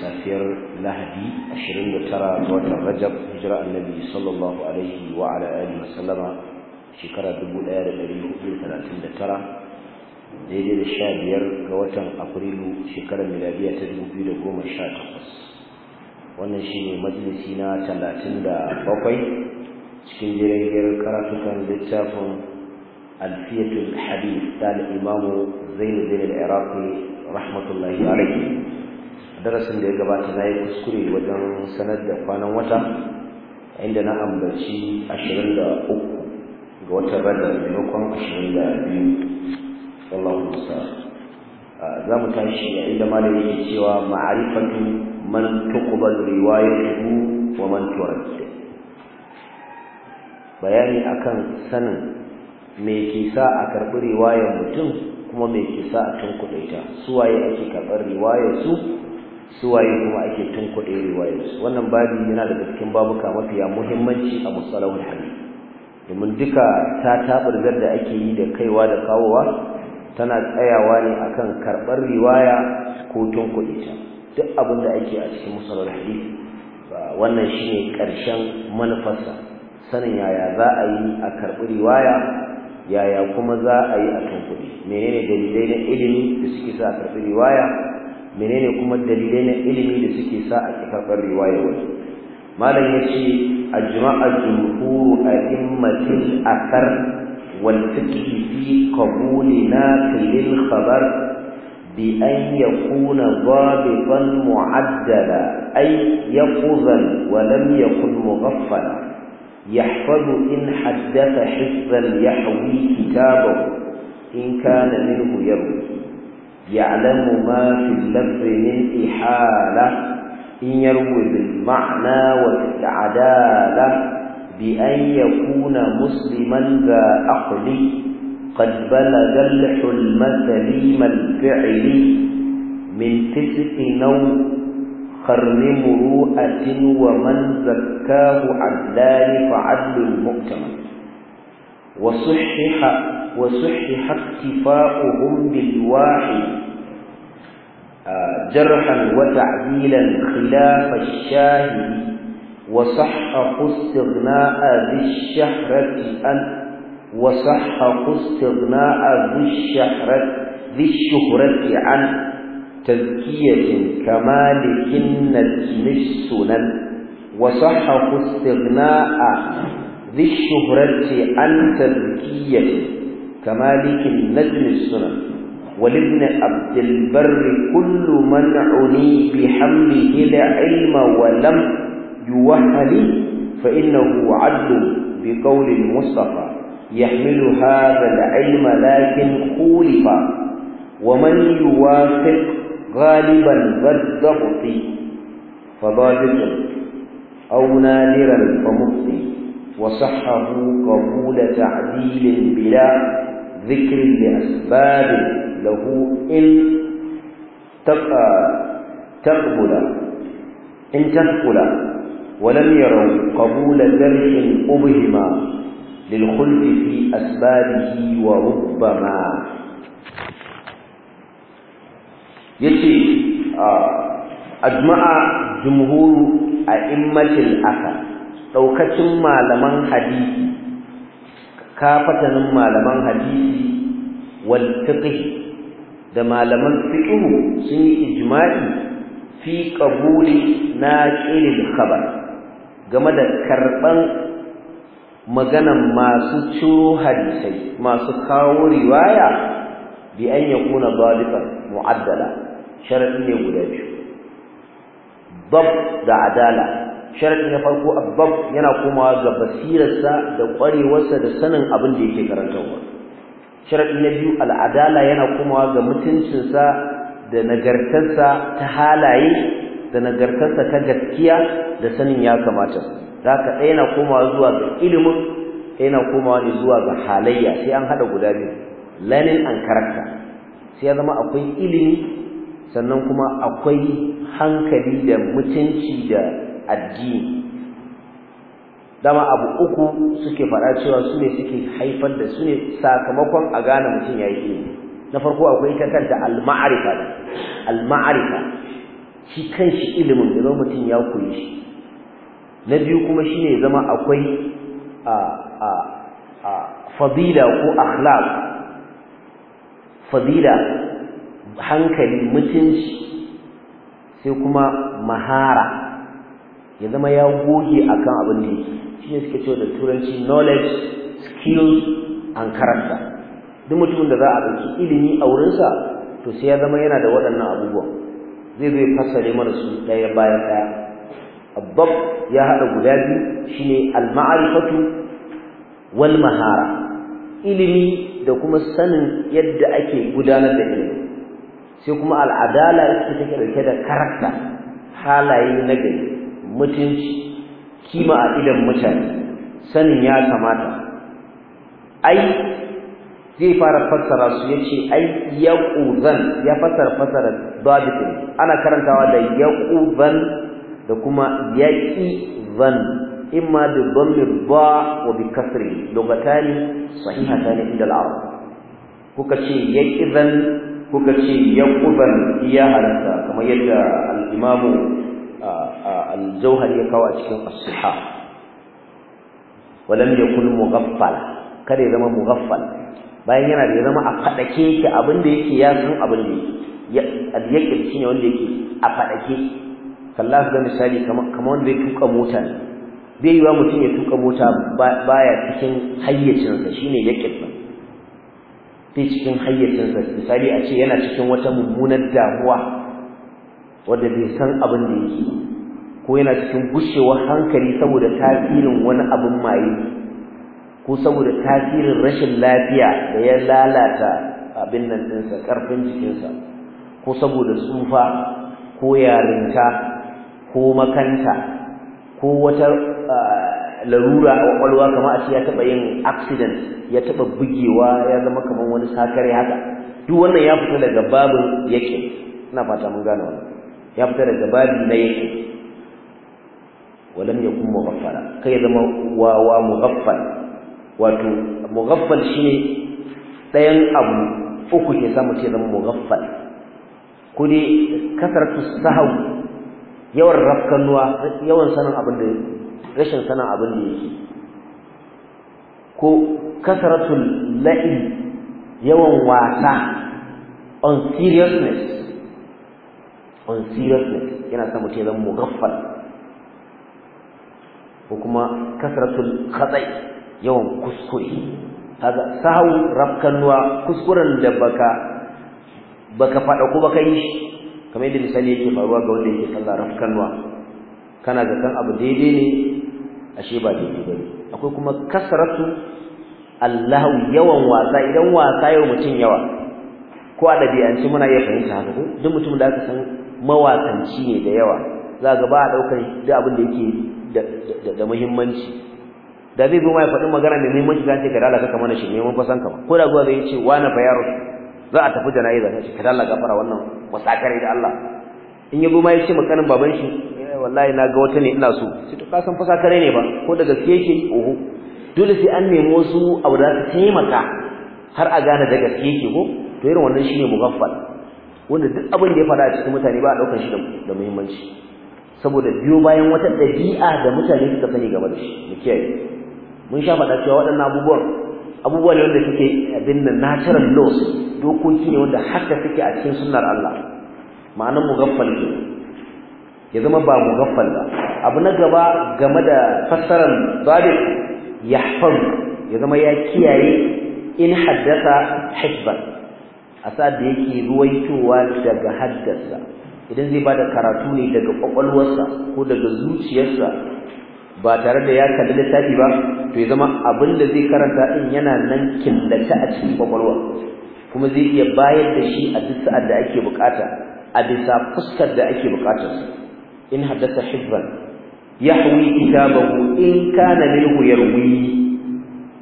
safiyar lahadi 29 ga watan rajab hijira annabi sallallahu alaihi wa ala alihi wasallama shekara 1439 daidai da sha biyar ga watan afrilu shekarar miladiya ta 2018 wannan shine majalisi na 37 cikin jirgin karatukan littafin alfiyatul hadith da al-imamu zainuddin al-iraqi rahmatullahi alaihi darasin da ya gabata na yi kuskure wajen sanar da kwanan wata inda na ambaci ashirin da uku ga watan rada maimakon 22 da musa za mu tashi a inda malam yake cewa ma'arifatu man tuqbal riwayatuhu wa man turad bayani akan sanin me ke sa a karɓi riwayar mutum kuma me ke sa a tunkuɗe ta su waye ake karɓar riwayar su Su waye kuma ake tunkuɗe riwayarsu wannan babi yana da cikin babuka mafiya muhimmanci a musalahul hali. domin duka ta taɓurgar da ake yi da kaiwa da kawowa tana tsayawa ne akan karɓar riwaya ko tunkuɗe ta duk abin da ake a cikin musalahul hali. wannan shine ƙarshen manufarsa sanin yaya za a yi a karɓi riwaya yaya kuma za a yi a tunkuɗe menene dalilai na ilimi da suke sa a karɓi riwaya menene kuma dalilai na ilimi da suke sa a karɓar riwaya wani malam ya ce ajma'a jumhuru a immatil asar wal fiqhi fi qabuli naqil khabar bi an yakuna dhabitan mu'addala ay yaqzan wa lam yakun mughaffala يحفظ إن حدث حفظا يحوي كتابه إن كان منه يروي يعلم ما في اللفظ من إحالة إن يروي بالمعنى والعدالة بأن يكون مسلما ذا عقل قد بلغ الحلم سليم الفعل من فسق نوم قرن مروءة ومن زكاه عدلان فعدل مؤتمن وصحح وصحح اكتفاؤهم بالواحد آه، جرحا وتعديلا خلاف الشاهد وصحح استغناء ذي الشهرة أن وصحح استغناء ذي الشهرة ذي الشهرة عن تزكية كمالك مش سنن وصحح استغناء ذي الشهرة عن تركية كمالك النجم السنن ولابن عبد البر كل من عني بحمله العلم ولم يوهل فإنه عدل بقول المصطفى يحمل هذا العلم لكن خولف ومن يوافق غالبا بالضبط فضابط أو نادرا فمخطئ وصحه قبول تعديل بلا ذكر لأسباب له إن تقبل إن تثقل ولم يروا قبول ذرح أبهما للخلف في أسبابه وربما يتي آه، أجمع جمهور أئمة الأثر daukacin malaman hadisi kafatanin malaman hadisi wal fiqh da malaman fiqh sun yi ijma'i fi qabuli naqilil khabar game da karban maganan masu ciro hadisai masu kawo riwaya bi an yakuna daliban mu'addala sharadi ne guda biyu dab da adala sharadi na farko abbab yana komawa ga basirarsa da kwarewarsa da sanin abin da yake karantarwa sharadi na biyu al'adala yana komawa ga mutuncinsa da nagartarsa ta halaye da nagartarsa ta gaskiya da sanin ya kamata zaka ɗaya yana komawa zuwa ga ilimin ɗaya yana komawa ne zuwa ga halayya sai an haɗa guda biyu lanin an karanta sai ya zama akwai ilimi sannan kuma akwai hankali da mutunci da addini dama abu uku suke faɗa cewa su ne suke haifar da su ne sakamakon a gane mutum ya yi na farko akwai ita kanta al-ma'arifa al-ma'arifa shi ilimin da zama mutum ya koyi shi na biyu kuma shi ne zama akwai a a a fadila ko akhlaq fadila hankali mutunci sai kuma mahara ya zama ya goge a kan abin da shi ne suke cewa da turanci knowledge skills and character duk mutumin da za a ɗauki ilimi a wurinsa to sai ya zama yana da waɗannan abubuwan zai zai fassare mana su ɗaya bayan ɗaya abbab ya haɗa guda biyu shine al alma'arifatu wal mahara ilimi da kuma sanin yadda ake gudanar da ilimi sai kuma al'adala ita take dauke da karakta halaye na gari mutunci kima a idan mutane sanin ya kamata ai zai fara fassara su yace ai yaquzan ya fassara fassara dabitin ana karantawa da yaquzan da kuma yaqizan imma bi dhammi ba wa bi kasri lugatani sahihatan inda al kuka ce yaqizan kuka ce ƙuzan, iya halatta kamar yadda al al-jauhari ya kawo a cikin as-siha walam yakun mughaffal kada ya zama mughaffal bayan yana da ya zama a fadake ki abin da yake ya san abin da yake al-yaqin shine wanda yake a fadake sallahu alaihi misali kamar kamar wanda ya tuka mota ne bai yiwa mutum ya tuka mota baya cikin hayyacinsa shine yaqin din bai cikin hayyacinsa misali a ce yana cikin wata mummunar damuwa wadda bai san abin da yake ko yana cikin gushewar hankali saboda tasirin wani abin maye ko saboda tasirin rashin lafiya da ya lalata abin nan ɗinsa ƙarfin jikinsa ko saboda tsufa ko yarinta ko makanta ko wata larura a kwakwalwa kamar a ce ya taɓa yin accident ya taɓa bugewa ya zama kamar wani sakare haka duk wannan ya fita daga babin yake ina fata mun gane wannan ya fita daga babin na yake walam yakun mughaffala kai zama wawa mughaffal wato mughaffal shine ɗayan abu uku ke samu ce zama mughaffal ku ne sahau yawan rafkanuwa yawan sanin abin da rashin sanin abin da yake ko kasaratul la'i yawan wasa on seriousness on seriousness yana samu ce zama ko kuma kasratul khatai yawan kuskure kaga sahu rafkanwa kuskuren da baka baka fada ko baka yi kamar yadda misali yake faruwa ga wanda yake sallah rafkanwa kana ga kan abu daidai ne ashe ba daidai bane akwai kuma kasratu allahu yawan wasa idan wasa yau mutum yawa ko a ɗabi'ance muna iya fahimta haka ko duk mutum da aka san mawasanci ne da yawa za ga ba a ɗaukar duk abin da yake da muhimmanci da zai zo ma ya faɗi magana mai muhimmanci za ce ka dalaka ka mana shi neman fasan ka ba ko da zuwa zai ce wa na fa yaro za a tafi jana'iza ta ce ka dalaka fara wannan wasakar da Allah in ya zo ya ce makanin baban shi eh, wallahi na ga wata ne ina so sai to kasan fasakare ne ba ko da siya ke oho dole sai an nemi wasu abu da su taimaka har a gane da siya ke ko to irin wannan shine mugaffal wanda duk abin da ya faɗa a cikin mutane ba a ɗaukar shi da muhimmanci saboda biyo bayan wata ɗabi'a da mutane suka sani game da shi mu kiyaye mun sha faɗa cewa waɗannan abubuwan abubuwa ne wanda suke abin nan natural laws dokoki ne wanda haka suke a cikin sunnar Allah ma'anar mugaffal ne ya zama ba mugaffal ba abu na gaba game da fassarar zabi yahfaz ya zama ya kiyaye in haddasa hifban a da yake ruwaitowa daga haddasa idan zai bada karatu ne daga kwakwalwarsa ko daga zuciyarsa ba tare da ya kalli littafi ba to ya zama abin da zai karanta din yana nan killace a cikin kwakwalwa kuma zai iya bayar da shi a duk sa'ar da ake bukata a bisa fuskar da ake bukata in haddasa hibban yahwi kitabahu in kana lahu yarwi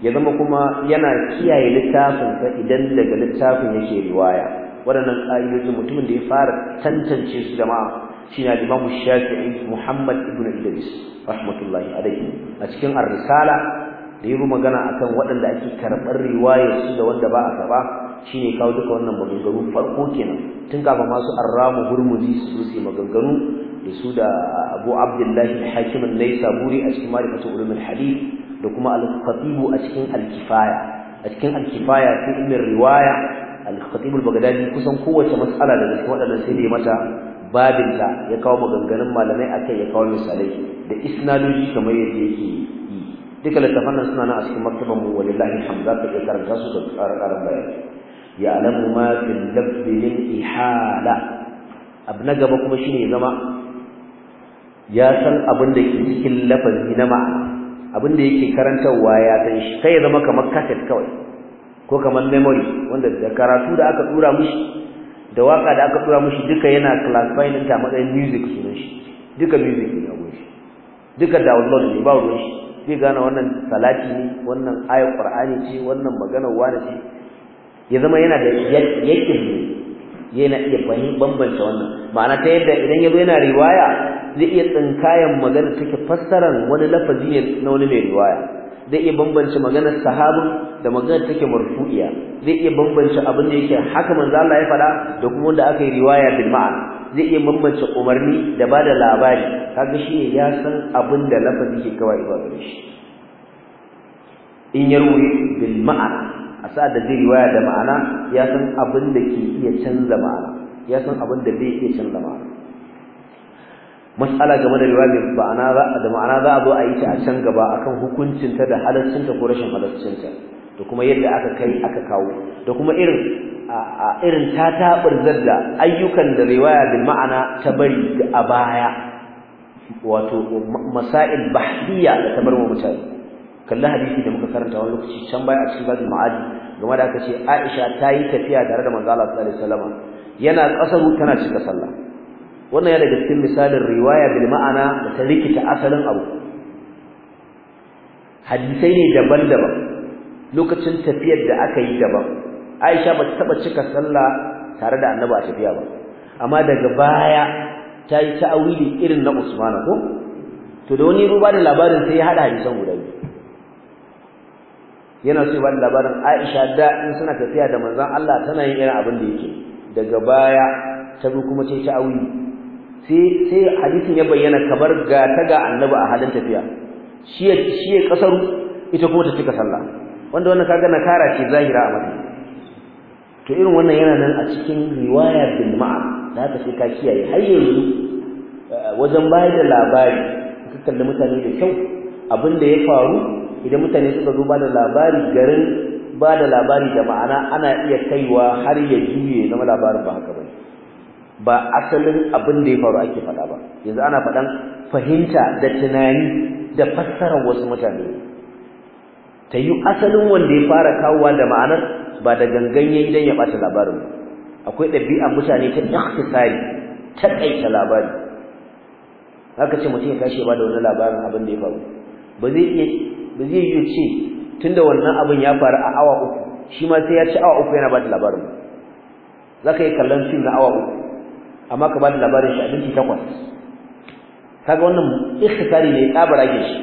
ya zama kuma yana kiyaye littafinsa idan daga littafin yake riwaya waɗannan ƙa'idojin mutumin da ya fara tantance su jama'a shine al-Imam Shafi'i Muhammad ibn Idris rahmatullahi alayhi a cikin ar-risala da magana akan waɗanda ake karɓar riwayar su da wanda ba a karɓa shine kawo duka wannan maganganu farko kenan tun kafin masu arramu hurmuzi su su maganganu da su da Abu Abdullahi al-Hakim an-Naisaburi a cikin Ma'rifatul Ulum al-Hadith da kuma al-Khatib a cikin al a cikin alkifaya kifaya fi riwaya al-khatib al-baghdadi kusan kowace mas'ala da cikin waɗannan sai dai mata babinta ya kawo maganganun malamai akai ya kawo misalai da isnadoji kamar yadda yake yi duka littafan nan suna nan a cikin maktaban mu wallahi hamza ka iya karanta su da karan bayani ya alamu ma fil labbi min ihala na gaba kuma shine zama ya san abin da ke cikin lafazi na ma'ana abin da yake karantarwa ya san shi kai ya zama kamar kaset kawai ko kamar memory wanda da karatu da aka tura mushi da waka da aka tura mushi duka yana classify din a matsayin music sunan shi duka music ne a shi duka download ne ba ruwan shi zai gane wannan salati ne wannan ayar qur'ani ce wannan maganar wani ce ya zama yana da yakin ne yana iya fahim bambanta wannan ma'ana ta yadda idan ya zo yana riwaya zai iya tsinkayen magana take fassarar wani lafazi ne na wani mai riwaya zai iya bambance maganar sahabin da maganar take marfu'iya zai iya bambance abin da yake haka manzo Allah ya faɗa da kuma wanda aka yi riwaya bil ma'ana zai iya bambance umarni da ba da labari kaga shi ne ya san abin da lafazi ke kawai ba gare shi in ya ruwi bil ma'ana a sa'ad da zai riwaya da ma'ana ya san abin da ke iya canza ma'ana ya san abin da bai iya canza ma'ana mas'ala game da riwayi ba ana za da ma'ana za a zo a yi ta a can gaba akan hukuncin ta da halaccin ta ko rashin halaccin ta da kuma yadda aka kai aka kawo da kuma irin a irin ta taɓurzar da ayyukan da riwaya da ma'ana ta bari a baya wato masail bahdiya da ta bar wa mutane kalli hadisi da muka karanta wani lokaci can baya a cikin babin ma'adi game da aka ce Aisha ta yi tafiya tare da manzo Allah sallallahu alaihi wasallam yana kasaru tana cika sallah wannan ya daga cikin misalin riwaya bil ma'ana da ta rikita asalin abu hadisai ne daban-daban lokacin tafiyar da aka yi daban Aisha ba ta taba cika sallah tare da Annabi a tafiya ba amma daga baya ta yi ta'awili irin na Usman ko to da wani ruba da labarin sai ya hada hadisan guda biyu yana so ba labarin Aisha da in suna tafiya da manzon Allah tana yin irin abin da yake daga baya ta bi kuma ce ta sai sai hadisin ya bayyana kamar ga ta ga annabi a halin tafiya shi ya shi kasar ita kuma ta cika sallah wanda wannan kaga nakara ce zahira a mutum to irin wannan yana nan a cikin riwaya bil ma'a da ka sai ka kiyaye har yanzu eh, wajen bayar da labari ka kalli mutane da kyau abin da ya faru idan mutane suka zo ba da labari garin ba da labari da ma'ana ana iya kaiwa har ya juye zama labarin ba haka ba ba asalin abin da ya faru ake faɗa ba yanzu ana faɗan fahimta da tunani da fassarar wasu mutane ta yi asalin wanda ya fara kawowa da ma'anar ba da gangan yayi ya ɓata labarin akwai ɗabi'ar mutane ta ikhtisari ta kaita labari haka ce mutum ya kashe ba da wani labarin abin da ya faru ba zai iya ba zai iya ce tunda wannan abin ya faru a awa uku shi ma sai ya ci awa uku yana ba da labarin za ka yi kallon fim na awa uku amma ka bada labarin shi a minti takwas kaga wannan ikhtari ne tsabara barage shi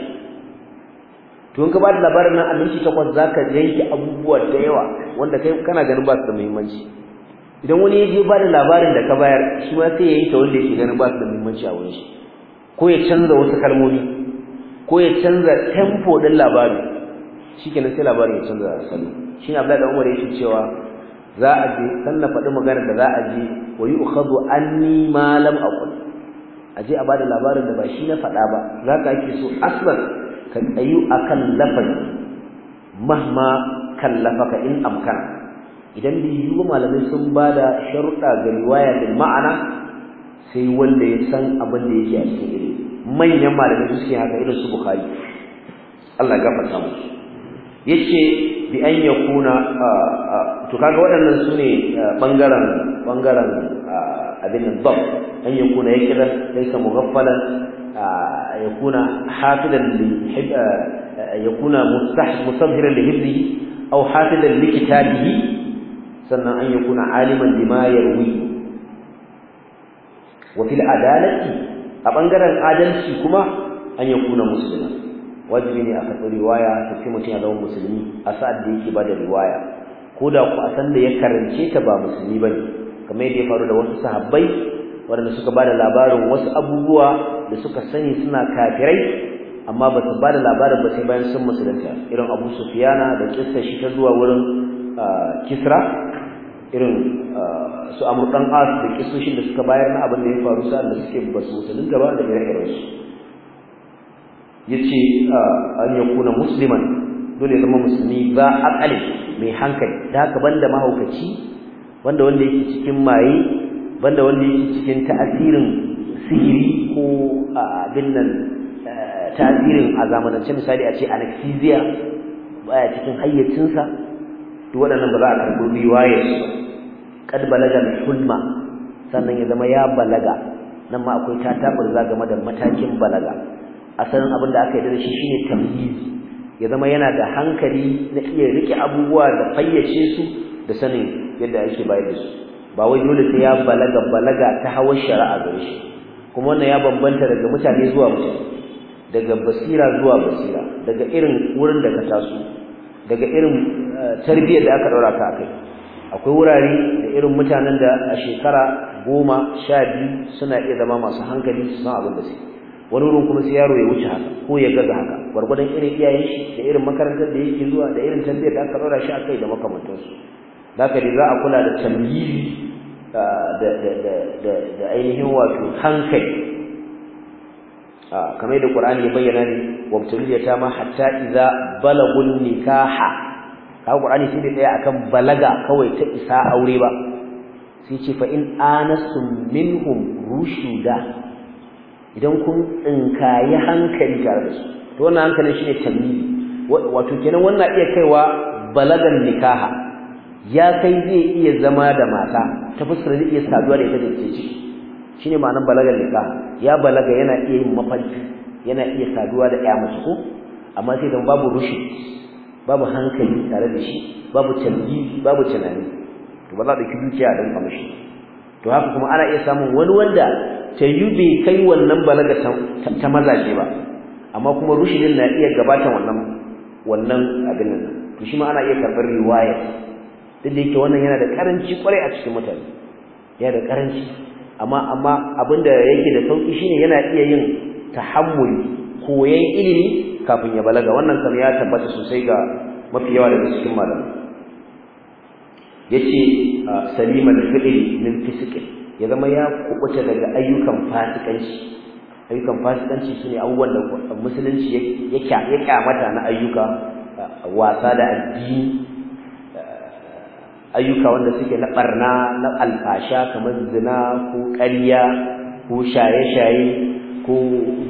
to in ka bada labarin nan a minti takwas zaka yanke abubuwa da yawa wanda kai kana ganin ba su da muhimmanci idan wani ya je ba da labarin da ka bayar shi ma sai ya yi ta wanda yake ganin ba su da muhimmanci a wurin shi ko ya canza wasu kalmomi ko ya canza tempo ɗin labarin shikenan sai labarin ya canza salo shi ne Abdullahi Umar ya ce cewa za a je dan na faɗi magana da za a je wa yu'khadhu anni ma lam aqul a je a bada labarin da ba shi na faɗa ba za ka ake so aslan ka tsayu akan lafazi mahma kallafaka in amkana idan bai yiwu malamai sun ba da sharuɗa ga riwaya da ma'ana sai wanda ya san abin da yake a cikin ilimi manyan malamai suke haka irin su bukhari Allah ya gafarta musu yace bi an yakuna to kaga waɗannan sune bangaren bangaren abin dab an yakuna yakira laysa mughaffalan yakuna hafidan li yakuna mustahdiran li hibbihi aw hafidan li kitabihi sannan an yakuna aliman bima yarwi wa fil adalati a bangaren adalci kuma an yakuna musliman wajibi ne a karɓi riwaya ta mutum ya zama musulmi a sa'ad da yake ba da riwaya ko da ku a san da ya karance ta ba musulmi ba ne kamar yadda ya faru da wasu sahabbai waɗanda suka ba da labarin wasu abubuwa da suka sani suna kafirai amma ba su ba da labarin ba sai bayan sun musulunta irin abu sufiyana da kissa shi ta zuwa wurin kisra irin su amurkan as da ƙirsoshin da suka bayar na abin da ya faru sa'ad da suke ba su musulunta ba da ire-irensu yace ah, an yakuna musliman dole ya zama musulmi ba akali mai hankali da haka banda mahaukaci wanda wanda yake cikin maye banda wanda yake cikin ta'asirin sihiri ko abin nan eh, ta'asirin a zamanance misali a ce anesthesia baya cikin hayyacinsa to waɗannan ba za a karɓi riwayar su kad balaga hulma sannan ya zama ya balaga nan ma akwai tatabar za game da matakin balaga asalin abin da aka yi da shi shine tamyiz ya zama yana da hankali na iya rike abubuwa da fayyace su da sanin yadda ake bayar da su ba wai dole sai ya balaga balaga ta hawar shari'a gare shi kuma wannan ya bambanta daga mutane zuwa mutane daga basira zuwa basira daga irin wurin da ka taso daga irin eh, tarbiyyar da aka daura ka akai akwai wurare da irin mutanen da a shekara goma sha biyu suna iya zama masu hankali su san abin da suke wani wurin kuma sai yaro ya wuce haka ko ya gaza haka gwargwadon irin iyayen shi da irin makarantar da yake zuwa da irin tambayar da aka ɗora shi a kai da makamantansu za ka za a kula da tambayi da ainihin wato hankali kamar da Qur'ani ya bayyana ne wabtuliya ta ma hatta idza balagul nikaha ka Qur'ani sai da akan balaga kawai ta isa aure ba sai ce fa in anasum minhum rushuda idan kun tsinkayi hankali tare da su to wannan hankalin shine tamyiz wato kenan wannan iya kaiwa balagan nikaha ya kai zai iya zama da mata ta fuskar zai iya saduwa da ita da ci shine ma'anar balagan nikaha ya balaga yana iya yin mafarki yana iya saduwa da ƴa masu ko amma sai dan babu rushi babu hankali tare da shi babu tamyiz babu tunani to ba za ka ɗauki dukiya don kamar shi to haka kuma ana iya samun wani wanda ta yi bai kai wannan balaga ta mazaje ba amma kuma rushidin na iya gabatan wannan wannan abin nan to shi ma ana iya karɓar riwaya duk da yake wannan yana da karanci kwarai a cikin mutane yana da karanci amma amma abinda yake da sauki shine yana iya yin tahammuli koyan ilimi kafin ya balaga wannan kan ya tabbata sosai ga mafi yawa daga cikin malamai yace da ah, fi'li min fisqi ya zama ya kubuta daga ayyukan fasikanci ayyukan fasikanci ne abubuwan da musulunci ya ya kyamata na ayyuka ah, wasa da addini ah, ayyuka wanda suke na ɓarna na alfasha kamar zina ko ƙarya ko shaye-shaye ko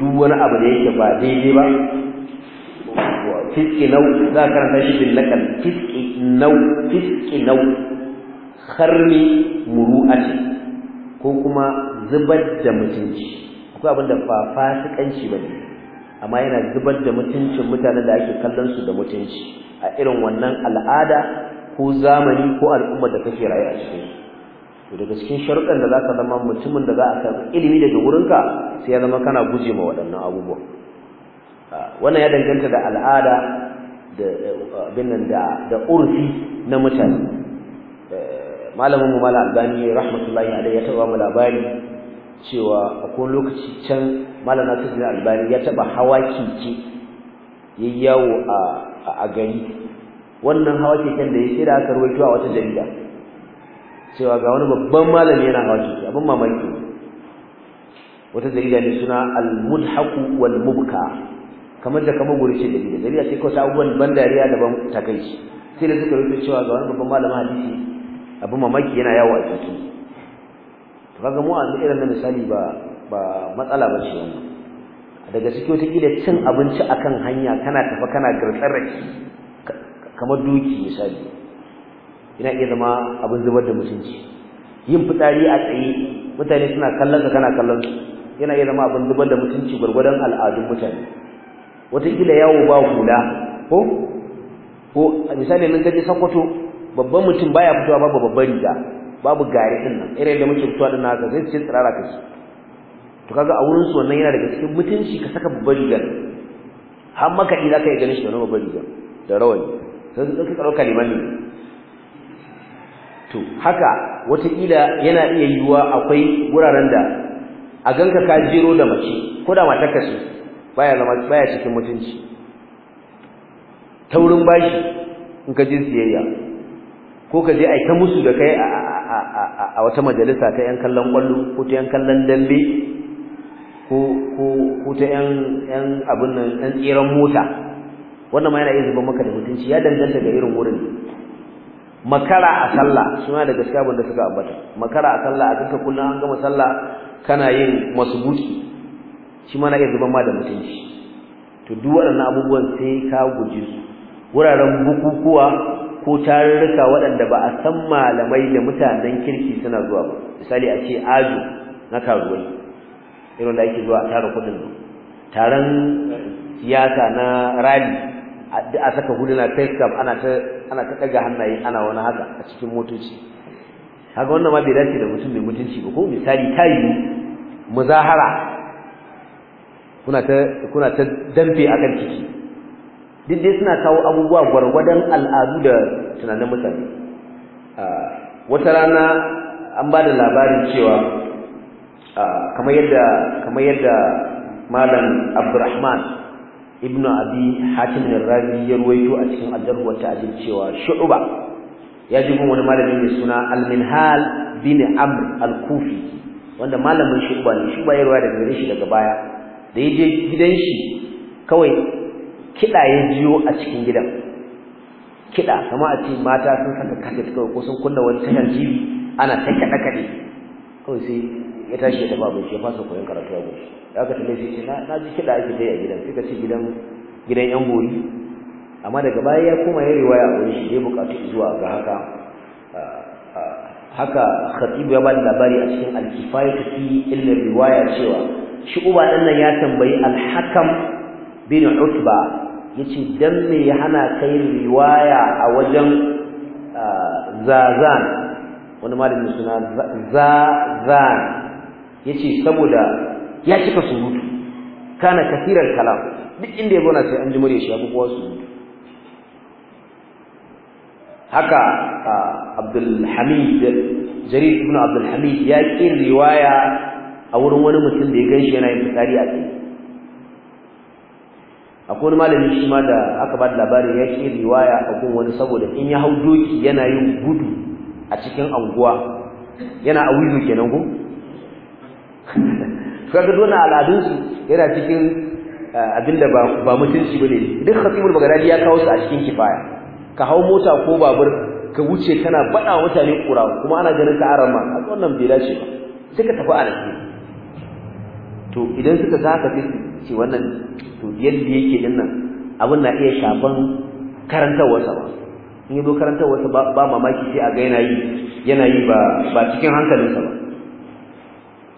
duk wani abu da yake ba daidai ba nau za a karanta shi bin nakal fiskinau fiskinau harmi muru'ati ko kuma zubar da mutunci akwai abin da ba fasikanci ba ne amma yana zubar da mutuncin mutanen da ake kallon su da mutunci a irin wannan al'ada ko zamani ko al'ummar da kake rayu a cikin to daga cikin sharuɗan da za ka zama mutumin da za a samu ilimi daga wurinka sai ya zama kana guje ma waɗannan abubuwa. wannan ya danganta da al'ada da abin nan da da urfi na mutane malamin mu mala albani rahmatullahi alaihi ya taba mu labari cewa akwai lokaci can malam nasir albani ya taba hawa keke yayyawo yawo a a gari wannan hawa keken da ya sai da aka rawaito a wata jarida cewa ga wani babban malami yana hawa keke abin mamaki wata jarida ne suna al-mudhaq wal mubka kamar da kamar gure ce da gida gari sai kawai abubuwan ban dariya da ban takaici sai da suka rubuta cewa ga wani babban malamin hadisi abu mamaki yana yawo a cikin to kaga mu a irin nan misali ba ba matsala ba ce wannan daga ciki wata kila cin abinci akan hanya kana tafa kana garkar rake kamar doki misali ina iya zama abin zubar da mutunci yin fitsari a tsaye mutane suna kallon ka kana kallon su yana iya zama abin zubar da mutunci gwargwadon al'adun mutane watakila yawo ba hula ko ko misali nan gaje sakwato, babban mutum baya fitowa babu babban riga babu gari din nan irin da muke fitowa din haka zai cikin tsirara kashi to kaga a wurin su wannan yana daga cikin mutunci ka saka babban rigar har maka za kai ganin shi da babban rigar da rawani sai su dauki tsaro ne to haka watakila yana iya yiwuwa akwai wuraren da a ganka ka jero da mace ko da ka shi? baya zama baya cikin mutunci taurin bashi in ka je siyayya ko ka je aika musu da kai a wata majalisa ta yan kallon kwallo ko ta yan kallon dambe ko ta yan abin nan yan tseren mota wannan ma yana iya zuba maka da mutunci ya danganta ga irin wurin makara a sallah suna da gaskiya banda suka ambata makara a sallah a duka kullum an gama sallah kana yin masbuki shi ma na iya zuban ma da mutunci to duk waɗannan abubuwan sai ka guji su wuraren bukukuwa ko tarurruka waɗanda ba a san malamai da mutanen kirki suna zuwa ba misali a ce ajo na karuwai irin da ake zuwa a tara kudin taron siyasa na rali a saka huluna face cap ana ta ana ta daga hannaye ana wani haka a cikin motoci kaga wannan ma bai dace da mutum mai mutunci ba ko misali tayi muzahara kuna ta kuna ta dambe akan ciki duk dai suna kawo abubuwa gwargwadon al'adu da tunanin mutane ah, wata rana an ba da labarin cewa ah, kamar yadda kamar yadda malam abdurrahman ibnu abi hatim al-razi ya ruwaito a cikin al-jarh wa ta'dil cewa shu'ba ya ji wani malami mai suna al-minhal bin amr al-kufi wanda malamin shu'ba ne shu'ba ya ruwa daga gare shi daga baya da ya je gidan shi kawai kiɗa ya jiyo a cikin gidan kiɗa kama a ce mata sun saka kaset kawai ko sun kunna wani tashar jibi ana ta kaɗe kaɗe kawai sai ya tashi ya taɓa abinci ya fasa koyon karatu a gobe ya ka talle sai ce na ji kiɗa ake dai a gidan sai ka ce gidan gidan yan gori amma daga baya ya koma ya riwaya a wurin shi ya buƙatu zuwa ga haka haka khatibu ya da labari a cikin alkifayatu fi ilmin riwaya cewa shi uba ɗan ya tambayi alhakam bin utba yace dan me ya hana kai riwaya a wajen zazan wani malamin suna zazan yace saboda ya cika surutu kana kafiran kalam duk inda ya na sai an ji murya shi abu kowa surutu haka Abdul Hamid Jarir ibn Abdul Hamid ya kin riwaya a wurin wani mutum da ya gan shi yana yin fitsari a tsaye akwai wani malami shi ma da aka ba da labarin ya ke riwaya a kun wani saboda in ya hau doki yana yin gudu a cikin anguwa yana a wizo kenan ko kaga dole al'adunsu yana cikin eh, abin da ba mutunci ba ne duk khatibul bagadadi ya kawo su a cikin kifaya ka hau mota ko babur ka wuce tana bada mutane kura kuma ana ganin ka arama bai dace ba sai ka tafi a to idan suka zaka haka ce wannan to yadda yake din nan abin na iya shafan wasa ba in yi zo wasa ba mamaki sai a ga yana yi yana yi ba cikin hankalinsa ba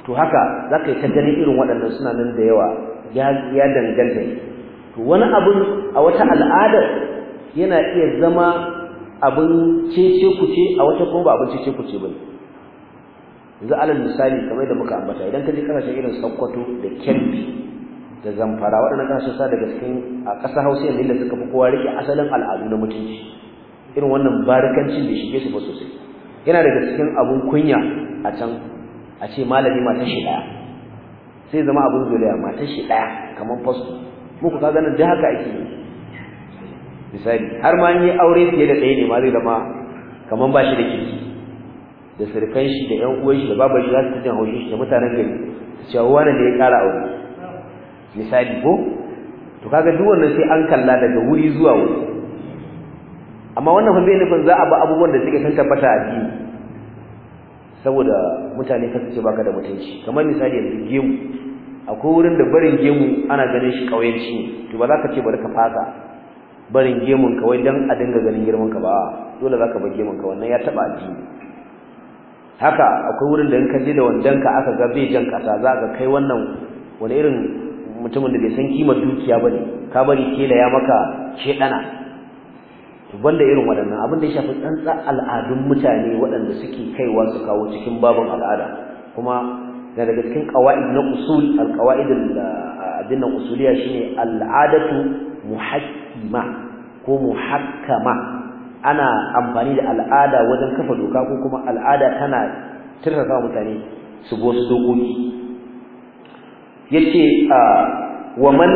to haka zaka yi ta irin waɗannan suna nan da yawa ya danganta to wani abu a wata al'adar yana iya zama abin cece kuce a wata kuma ba abin cece kuce ba yanzu alal misali kamar da muka ambata idan ka kana shi irin sakkwato da kyanbi da Zamfara waɗannan so sa da gaskin a ƙasar Hausa yanzu da suka fi kowa rike asalin al'adu na mutunci irin wannan barikancin da shige su ba sosai yana daga cikin abun kunya a can a ce malami mata shi daya sai zama abun zuriya mata shi daya kamar fasto muku ka ganin da haka ake yi misali har ma yi aure fiye da ɗaya ne ma zai zama kamar ba shi da kirki da sirkan shi da ƴan uwan shi da babar shi za su jin haushin shi da mutanen gari su ce wani ne ya ƙara aure misali ko to kaga duk wannan sai an kalla daga wuri zuwa wuri amma wannan fa bai nufin za a ba abubuwan da suke san tabbata a biyu saboda mutane kasu ce baka da mutunci kamar misali yanzu gemu akwai wurin da barin gemu ana ganin shi ƙauyenci to ba za ka ce bari ka fasa barin gemun kawai don a dinga ganin girman ka ba dole za ka bar gemun ka wannan ya taba addini haka akwai wurin da in ka je da wandanka aka ga bai jan kasa za ka kai wannan wani irin mutumin da bai san kimar dukiya ba ne ka bari da ya maka dana to da irin waɗannan abin da ya shafi tsantsa al'adun mutane waɗanda suke kaiwa su kawo cikin babin al'ada kuma na daga cikin qawaid na usul al da abin nan usuliya shine al'adatu muhakkima ko muhakkama ana amfani da al'ada wajen kafa doka ko kuma al'ada tana tirka mutane su bo su dokoki yace wa man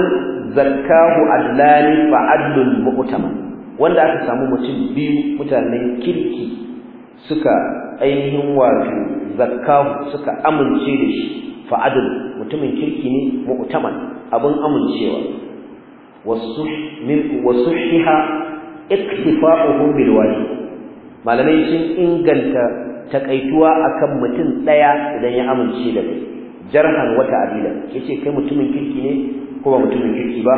zakkahu adlani fa adlul mu'taman wanda aka samu mutum biyu mutanen kirki suka ainihin wato zakkahu suka amince da shi fa adl mutumin kirki ne mu'taman abin amincewa wasu min wasuhiha iktifa'uhu bil wahid malamai sun inganta takaituwa akan mutum daya idan ya amince da kai jarhan wata abila yace kai mutumin kirki ne ko ba mutumin kirki ba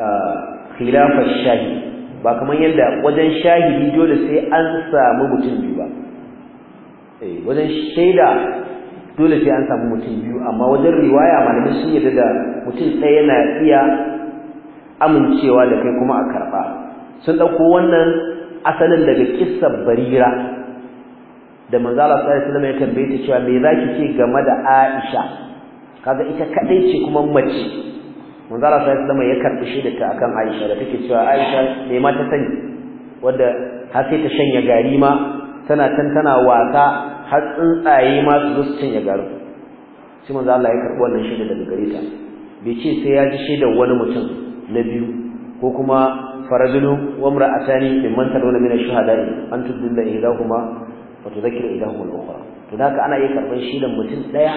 ah, khilafa shahi. ba kamar yadda wajen shahidi dole sai an samu mutum biyu ba eh wajen shaida dole sai an samu mutum biyu amma wajen riwaya malamai sun yarda da mutum ɗaya yana iya amincewa da kai kuma a karɓa sun dauko wannan asalin daga kissar barira da manzala Allah sallallahu alaihi wasallam ya tambaye ta cewa me zaki ce game da Aisha kaga ita kadai ce kuma mace manzala Allah sallallahu alaihi wasallam ya karbi shi daga ta akan Aisha da take cewa Aisha me ma ta sani wanda har sai ta shanya gari ma tana tantana wasa har tsuntsaye ma su su shanya garin shi manzala Allah ya karbi wannan shi daga gareta bai ce sai ya ji shi da wani mutum na biyu ko kuma farajulun wa imra'atani mimman tadawna min ash-shuhada'i an tudilla ihdahuma wa tudhakkira ihdahuma al-ukhra to haka ana iya karban shidan mutum daya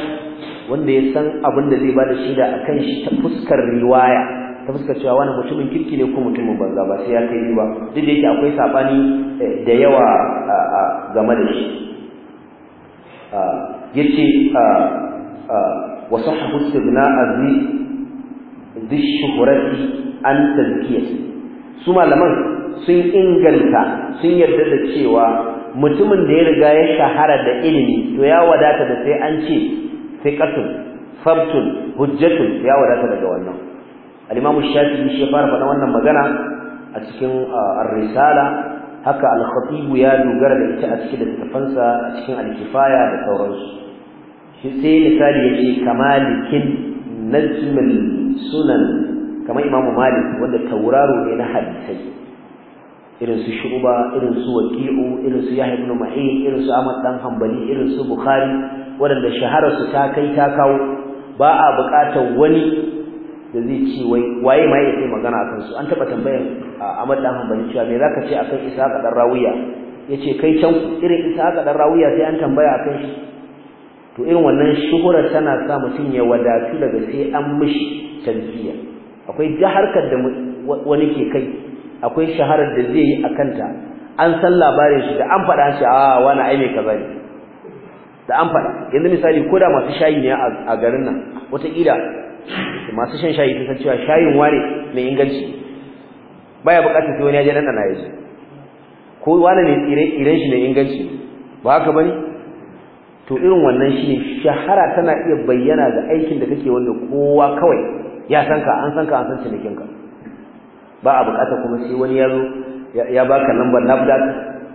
wanda ya san abin da zai bada shida akan shi ta fuskar riwaya ta fuskar cewa wani mutumin kirki ne ko mutumin banza ba sai ya kai ba? duk da yake akwai sabani da yawa game da shi yace wa sahahu istibna azi dhi shuhrati an tazkiyati su malaman sun inganta sun yarda da cewa mutumin da ya riga ya shahara da ilimi to ya wadata da sai an ce fiqatu sabtun hujjatun ya wadata daga wannan al-imamu shafi'i shi fara faɗa wannan magana a cikin ar-risala haka al-khatib ya dogara da ita a cikin littafansa a cikin al-kifaya da sauransu shi sai misali yake kamalikin najmul sunan kamar imamu malik wanda tauraro ne na hadisai irin su shuba irin su waqi'u irin su yahya ibn ma'in irin su ahmad dan hanbali irin su bukhari waɗanda shahara su ta kai ta kawo ba a buƙatar wani da zai ce wai waye ma yake magana akan su an taba tambayar ahmad dan hanbali cewa me zaka ce akan ɗan dan rawiya yace kai can irin ishaq dan rawiya sai an tambaya akan shi to irin wannan shuhurar tana sa mutum ya wadatu daga sai an mishi tarbiyya akwai jaharkar da wani ke kai akwai shaharar da zai yi a kanta an san labarin shi da an faɗa shi a ah, wani ai mai kaza ne da an faɗa yanzu misali ko da masu shayi ne a garin nan wataƙila masu shan shayi ta san cewa shayin wane mai inganci baya buƙatar sai wani ya je ɗanɗana ya ji ko wane ne tsiren shi mai inganci ba haka ba ne to irin wannan shi ne shahara tana iya bayyana ga aikin da kake wanda kowa kawai ya san ka an san ka an san cinikin ka ba a bukata kuma sai wani ya ya baka lambar nafdak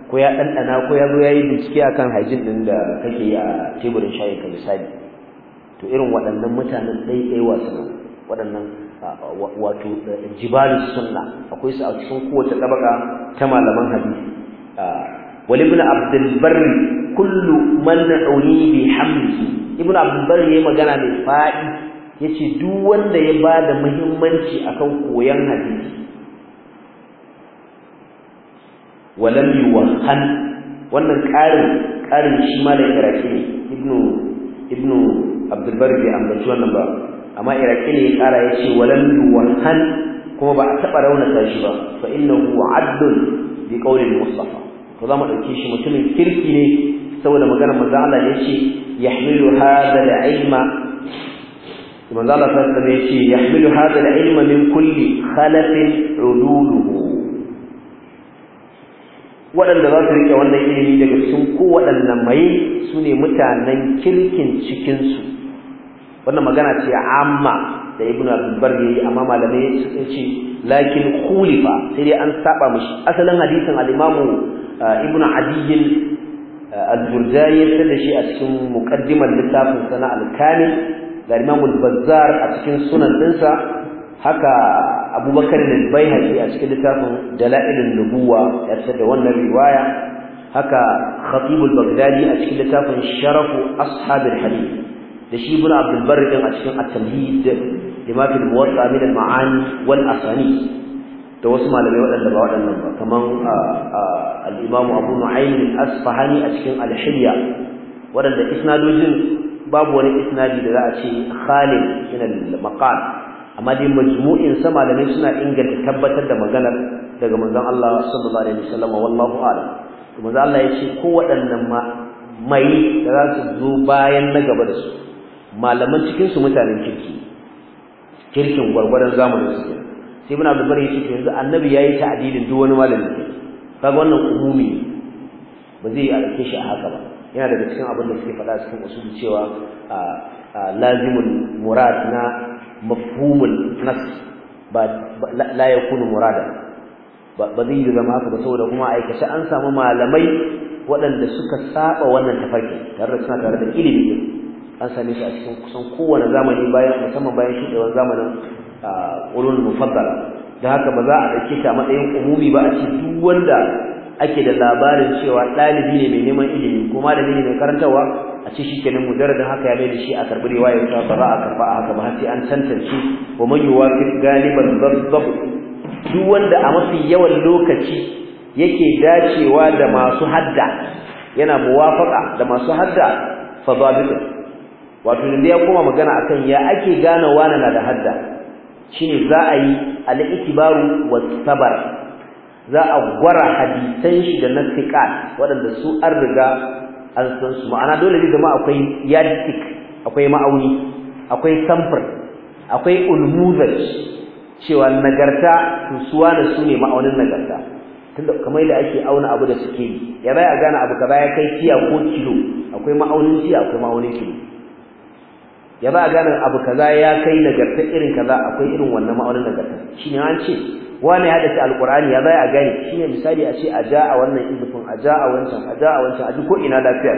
ko ya ɗanɗana ko ya zo bincike akan hajin din da kake yi a teburin shayi ka misali to irin waɗannan mutanen dai wasu waɗannan wato jibalu sunna akwai su a cikin kowace ɗabaka ta malaman hadisi walibin abdulbarri kullu man na'uni bi hamdi ibn abdulbarri ya magana mai faɗi yace duk wanda ya bada muhimmanci akan koyan hadisi walam yuwahhan wannan karin karin shi malam iraki ne ibnu ibnu abdul bar bi ambaci wannan ba amma iraki ne ya kara yace walam yuwahhan kuma ba a taba raunata shi ba fa innahu adlun bi qawli mustafa to zamu dauke shi mutumin kirki ne saboda maganar manzo Allah yace yahmilu hadha da aima. manzo Allah sallallahu alaihi wasallam yace yahmilu hadha al-ilma min kulli khalafin waɗanda za su rike wannan ilimi daga cikin kowaɗannan mai su ne mutanen kirkin cikinsu wannan magana ce amma da ibn abdulbar ya yi amma malamai sun ce lakin kulifa sai dai an saba mishi asalin hadisin al-imamu uh, ibn adiyyin uh, al-jurjani ya da shi a cikin muqaddimar littafin sana al-kamil ga Imamul Bazzar a cikin sunan dinsa haka Abubakar al-Baihaqi a cikin littafin Dala'ilun Nubuwa ya tsada wannan riwaya haka Khatibul Baghdadi a cikin littafin Sharafu Ashabil Hadith da shi Ibn Abdul Barr din a cikin At-Tamhid lima fil Muwatta min al-Ma'ani wal Asani da wasu malamai waɗanda ba waɗannan ba kaman al-Imam Abu Nu'aym al-Asfahani a cikin Al-Hilya waɗanda isnadojin babu wani isnadi da za a ce khalil min al-maqal amma dai majmu'in sa malamai suna inganta tabbatar da maganar daga manzon Allah sallallahu alaihi wasallam wallahu a'lam to manzon Allah ya ce ko waɗannan ma mai da za su zo bayan na gaba da su malaman cikin su mutanen kirki kirkin gwargwaron zamanin su sai muna da bari yake yanzu annabi yayi ta'dilin duk wani malami kaga wannan umumi ba zai alƙe shi a haka ba yana daga cikin abin da suke faɗa cikin usul cewa lazimul murad na mafhumul nas ba la yakunu murada ba zai yi zama haka ba saboda kuma aikace an samu malamai waɗanda suka saba wannan tafarki tare da suna tare da ilimi an same su a cikin kusan kowane zamani bayan musamman bayan shuɗewar zamanin ulul mufaddala da haka ba za a ɗauke ta matsayin umumi ba a ce duk wanda ake da labarin cewa ɗalibi ne mai neman ilimi kuma da ne mai karantawa a ce shi kenan mujarrad haka ya da shi a karɓi riwaya ta ba za a karɓa a haka ba sai an tantance wa man yuwafiq galiban dhabb duk wanda a mafi yawan lokaci yake dacewa da masu hadda yana muwafaqa da masu hadda fa zabitu wato inda ya koma magana akan ya ake gane wani na da hadda shine za a yi al-itibaru wa sabr za a gwara hadisan shi da na wadanda waɗanda su an riga an san su ma'ana dole ne zama akwai yadik akwai ma'auni akwai samfur akwai ulmuzaj cewa nagarta tusuwa da su ne ma'aunin nagarta tunda kamar da ake auna abu da suke yi ya bai a gane abu kaza ya kai tiya ko kilo akwai ma'aunin tiya akwai ma'aunin kilo ya ba a gane abu kaza ya kai nagarta irin kaza akwai irin wannan ma'aunin nagarta shine an ce wani ya dace alqur'ani ya zai a gane shine misali a ce a ja a wannan izufin a ja a wancan a ja a wancan a duk ko ina lafiya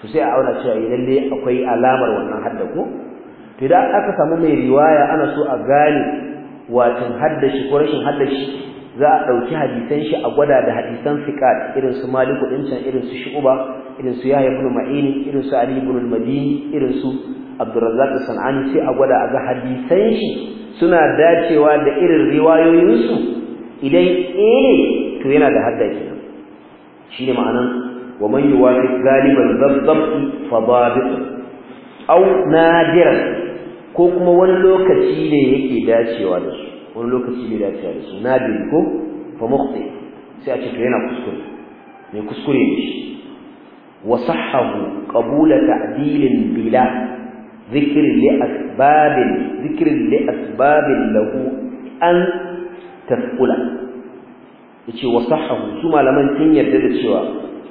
to sai a auna cewa eh, lalle akwai alamar wannan hadda ko to idan aka samu mai riwaya ana so a gane wato hadda shi ko rashin hadda shi za a dauki hadisan shi a gwada da hadisan fiqat irin su maliku dincan irin su shu'ba irin su yahya ibn ma'ini irin su ali ibn al-madini irin su Abdurrazzaq Sanani sai a gwada a ga hadisan shi suna dacewa da irin riwayoyinsu idan eh to yana da hadda kenan shine ma'anan wa man yuwafiq galiban dhabbi fadabit aw nadiran ko kuma wani lokaci ne yake dacewa da shi. wani lokaci ne dacewa da su nadir ko fa mukhti sai a ce to yana kuskure ne kuskure ne shi? wa sahhahu qabula ta'dilin bila zikirin li asbabin lahu an tafula yace wa sahahu su malaman tun yarda da cewa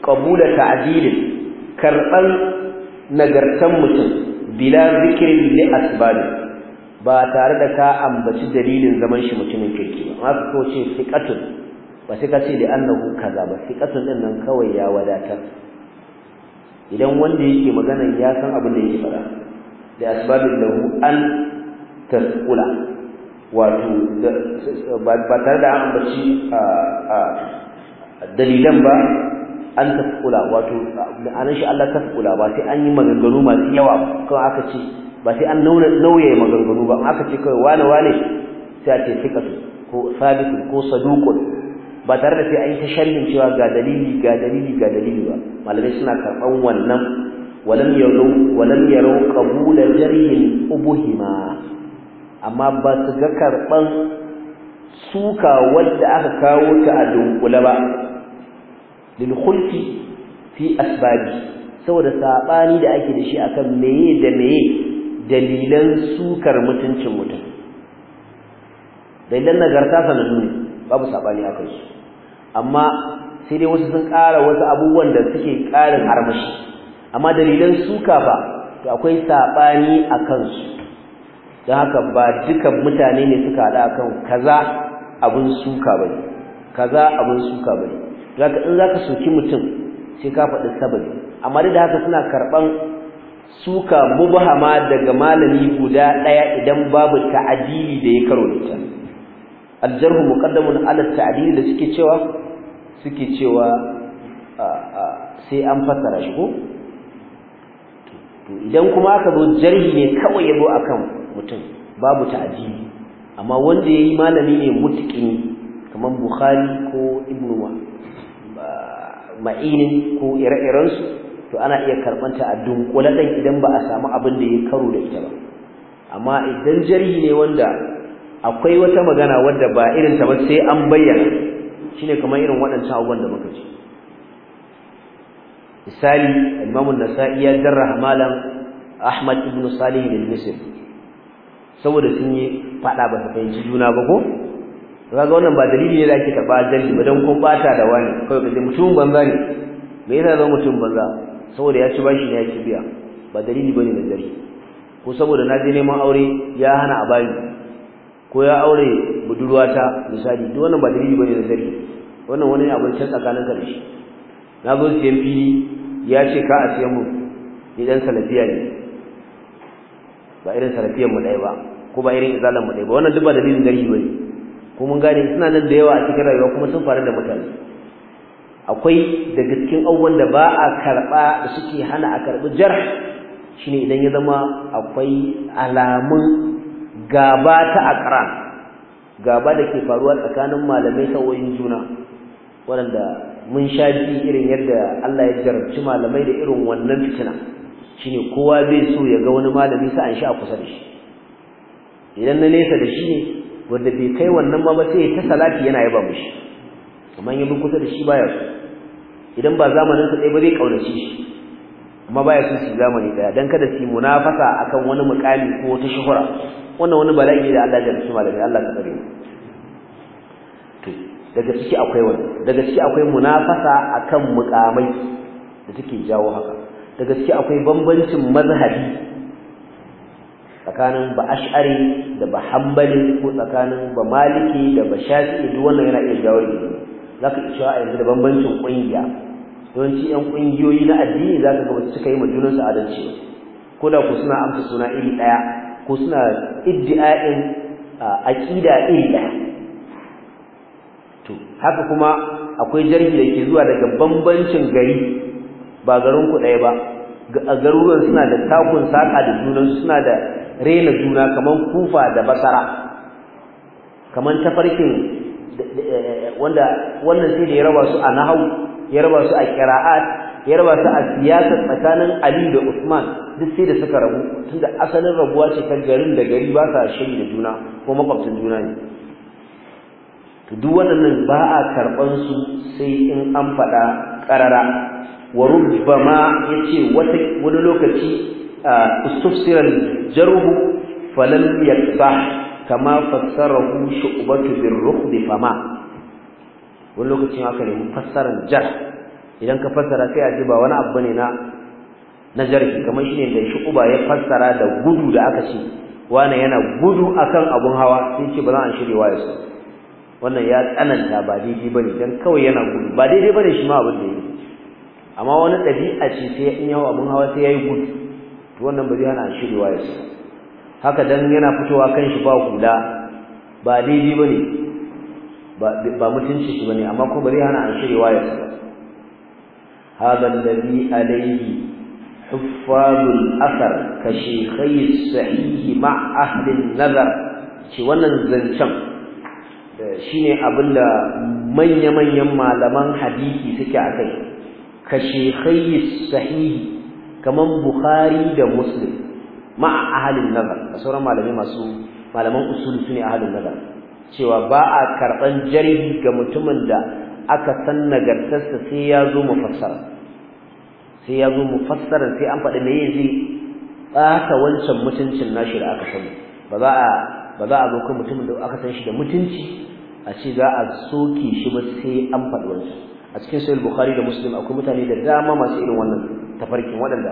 qabula ta'dilin karban nagartan mutum bila zikirin li asbabin ba tare da ka ambaci dalilin zaman shi mutumin kirki ba haka ko ce ba sai ka ce da annahu kaza ba siqatun din nan kawai ya wadatar idan wanda yake magana ya san abin da yake faɗa da asbabin hu an tasqula wato ba tare da an baci dalilan ba an tasqula wato ma'anar shi Allah tasqula ba sai an yi maganganu masu yawa ko aka ce ba sai an nauye maganganu ba aka ce kawai wane wane sai a ce sikatu ko sabitu ko saduqun ba tare da sai an yi ta sharhin cewa ga dalili ga dalili ga dalili ba malamai suna karɓan wannan walam yarau walam yarau qabul jarhin ubuhima amma ba su ga karban suka wanda aka kawo ta a dunkule ba lil khulfi fi asbabi saboda sabani da ake da shi akan meye da meye dalilan sukar mutuncin mutum dalilan nagarta sanadu babu sabani akan amma sai dai wasu sun ƙara wasu abubuwan da suke ƙarin armashi amma dalilan suka ba to akwai sabani a kansu don haka ba dukan mutane ne suka hada akan kaza abin suka bane kaza abin suka bane zaka in zaka soki mutum sai ka faɗi sababi amma duk da haka suna karɓan suka mubahama daga malami guda ɗaya idan babu ta'adili da ya karo da aljarhu muqaddamun ala ta'dili da suke cewa suke cewa sai an fassara shi ko idan kuma aka zo jarhi ne kawai yabo akan mutum babu ta'dili amma wanda yayi malami ne mutqini kamar bukhari ko ibnu ma'inin ko ire-iren su to ana iya karbanta a dunkule dan idan ba a samu abin da ya karo da ita ba amma idan jarhi ne wanda akwai wata magana wadda ba irin ta ba sai an bayyana shine kamar irin waɗancan abubuwan da muka ce misali imamun nasa'i ya jarra malam ahmad ibn salih bin misr saboda sun yi fada ba su fahimci juna ba ko kaga wannan ba dalili ne da ake karba dalili ba don kun bata da wani kawai kaje mutum banza ne me yasa zama mutum banza saboda ya ci bashi ne ya ci biya ba dalili bane da gari ko saboda na je neman aure ya hana a bani ko ya aure budurwata misali duk wannan ba dalili bane da gari wannan wani abin can tsakanin ka da shi na zo siyan fili ya ce ka a siyan mu idan salafiya ne ba irin salafiyar mu dai ba ko ba irin izalan mu dai ba wannan duk ba dalilin gari bane ko mun gane suna nan da yawa a cikin rayuwa kuma sun faru da mutane akwai da gaskin abubuwan da ba a karɓa da suke hana a karɓi jar shine idan ya zama akwai alamun gaba ta akra gaba da ke faruwa tsakanin malamai wayin juna waɗanda mun sha biyu irin yadda Allah ya jarabci malamai da irin wannan fitina shine kowa zai so ya ga wani malami sa an sha a kusa da shi idan na nesa da shi ne wanda bai kai wannan ba sai ta salati yana yaba mushi amma yin kusa da shi baya so idan ba zamanin sa ɗaya ba zai ƙaunar shi amma baya so su zamani ɗaya, don kada su yi munafasa akan wani mukami ko ta shuhura wannan wani bala'i ne da Allah ya jarabci malamai Allah ka tsare mu to daga ciki akwai wani daga ciki akwai munafasa akan mukamai da take jawo haka daga ciki akwai bambancin mazhabi tsakanin ba ash'ari da ba hanbali ko tsakanin ba maliki da ba shafi'i duk wannan yana iya jawo rigima zaka ka cewa yanzu da bambancin kungiya yawanci yan kungiyoyi na addini zaka ga wasu suka yi majunan su adalci ko da ku suna amsa suna iri daya ko suna iddi'a'in aqida iri daya to haka kuma akwai jarhi da ke zuwa daga bambancin gari ba garin ku ɗaya ba garuruwan suna da takun saƙa da junan suna da rena juna kamar kufa da basara kamar tafarkin eh, eh, eh, wanda wannan sai da ya raba su a nahau ya raba su a kira'at ya raba su a siyasa tsakanin Ali da Usman duk sai da suka rabu tunda asalin rabuwa ce ta garin da gari ba sa shiri da juna ko makwabcin juna ne duk waɗannan ba a karɓan su sai in an faɗa ƙarara wa rubbama yace wata wani lokaci ustufsiran jarhu falam yaqbah kama fassarahu shu'batu birrukhdi fama wani lokacin aka nemi fassaran jar idan ka fassara sai a ji ba wani abu ne na na jarhi kamar shine da shu'ba ya fassara da gudu da aka ce wani yana gudu akan abun hawa sai ce ba za a shirye wa yasu wannan ya tsananta ba daidai ba ne don kawai yana gudu ba daidai ba ne shi ma abin da ya yi amma wani ɗabi'a ce sai in yawa abin hawa sai ya yi gudu to wannan ba zai hana shirewa ya su haka don yana fitowa kan shi ba hula ba daidai ba ne ba mutunci shi ba ne amma kuma ba zai hana an shirewa ya su هذا الذي عليه حفاظ الأثر كشيخي الصحيح مع أهل النذر شي wannan zancen Eh, shi ne abin da manya-manyan malaman hadisi suke a kai ka shekai sahihi kamar bukhari da muslim ma ahalin nazar a sauran malamai masu malaman usul su ne ahalin nazar cewa ba a karɓar jarihi ga mutumin da aka san nagartarsa sai ya zo fassara, sai ya zo fassara, sai an faɗi me zai ɓata wancan mutuncin nashi da aka sani ba za a ba za a zo kan mutumin da aka san shi da mutunci a ce za a soke shi ba sai an faɗi wancan a cikin sahih bukhari da muslim akwai mutane da dama masu irin wannan tafarkin wadanda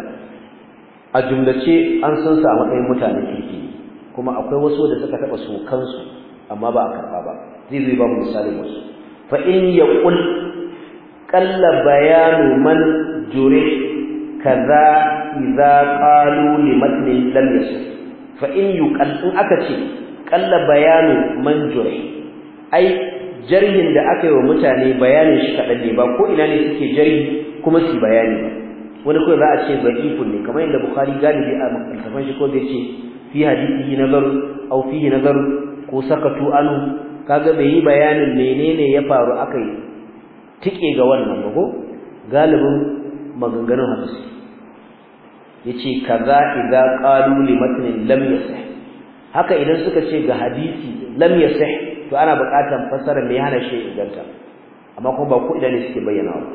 a jumlace an san su a matsayin mutane kirki kuma akwai wasu da suka taɓa su kansu amma ba a karɓa ba zai zai babu misalin wasu fa in yaqul qalla bayanu man jure kaza idza qalu limatnin lam yasih fa in yuqal in aka ce kalla bayanu manjuri ai jarhin da aka yi wa mutane bayanin shi kaɗan ne ba ko ina ne suke jarhi kuma su bayani ba wani kawai za a ce da'ifun ne kamar yadda bukhari galibi a littafin shi ko da ce fi hadithihi nazar au fihi nazar ko sakatu anu kaga bai yi bayanin menene ya faru akai tike ga wannan ba ko galibin maganganun hadisi yace kaza idza qalu li matnin lam yasah haka idan suka ce ga hadisi lam yasih to ana buƙatar fassara mai hana shi inganta amma kuma ba ku idan ne suke bayyana ba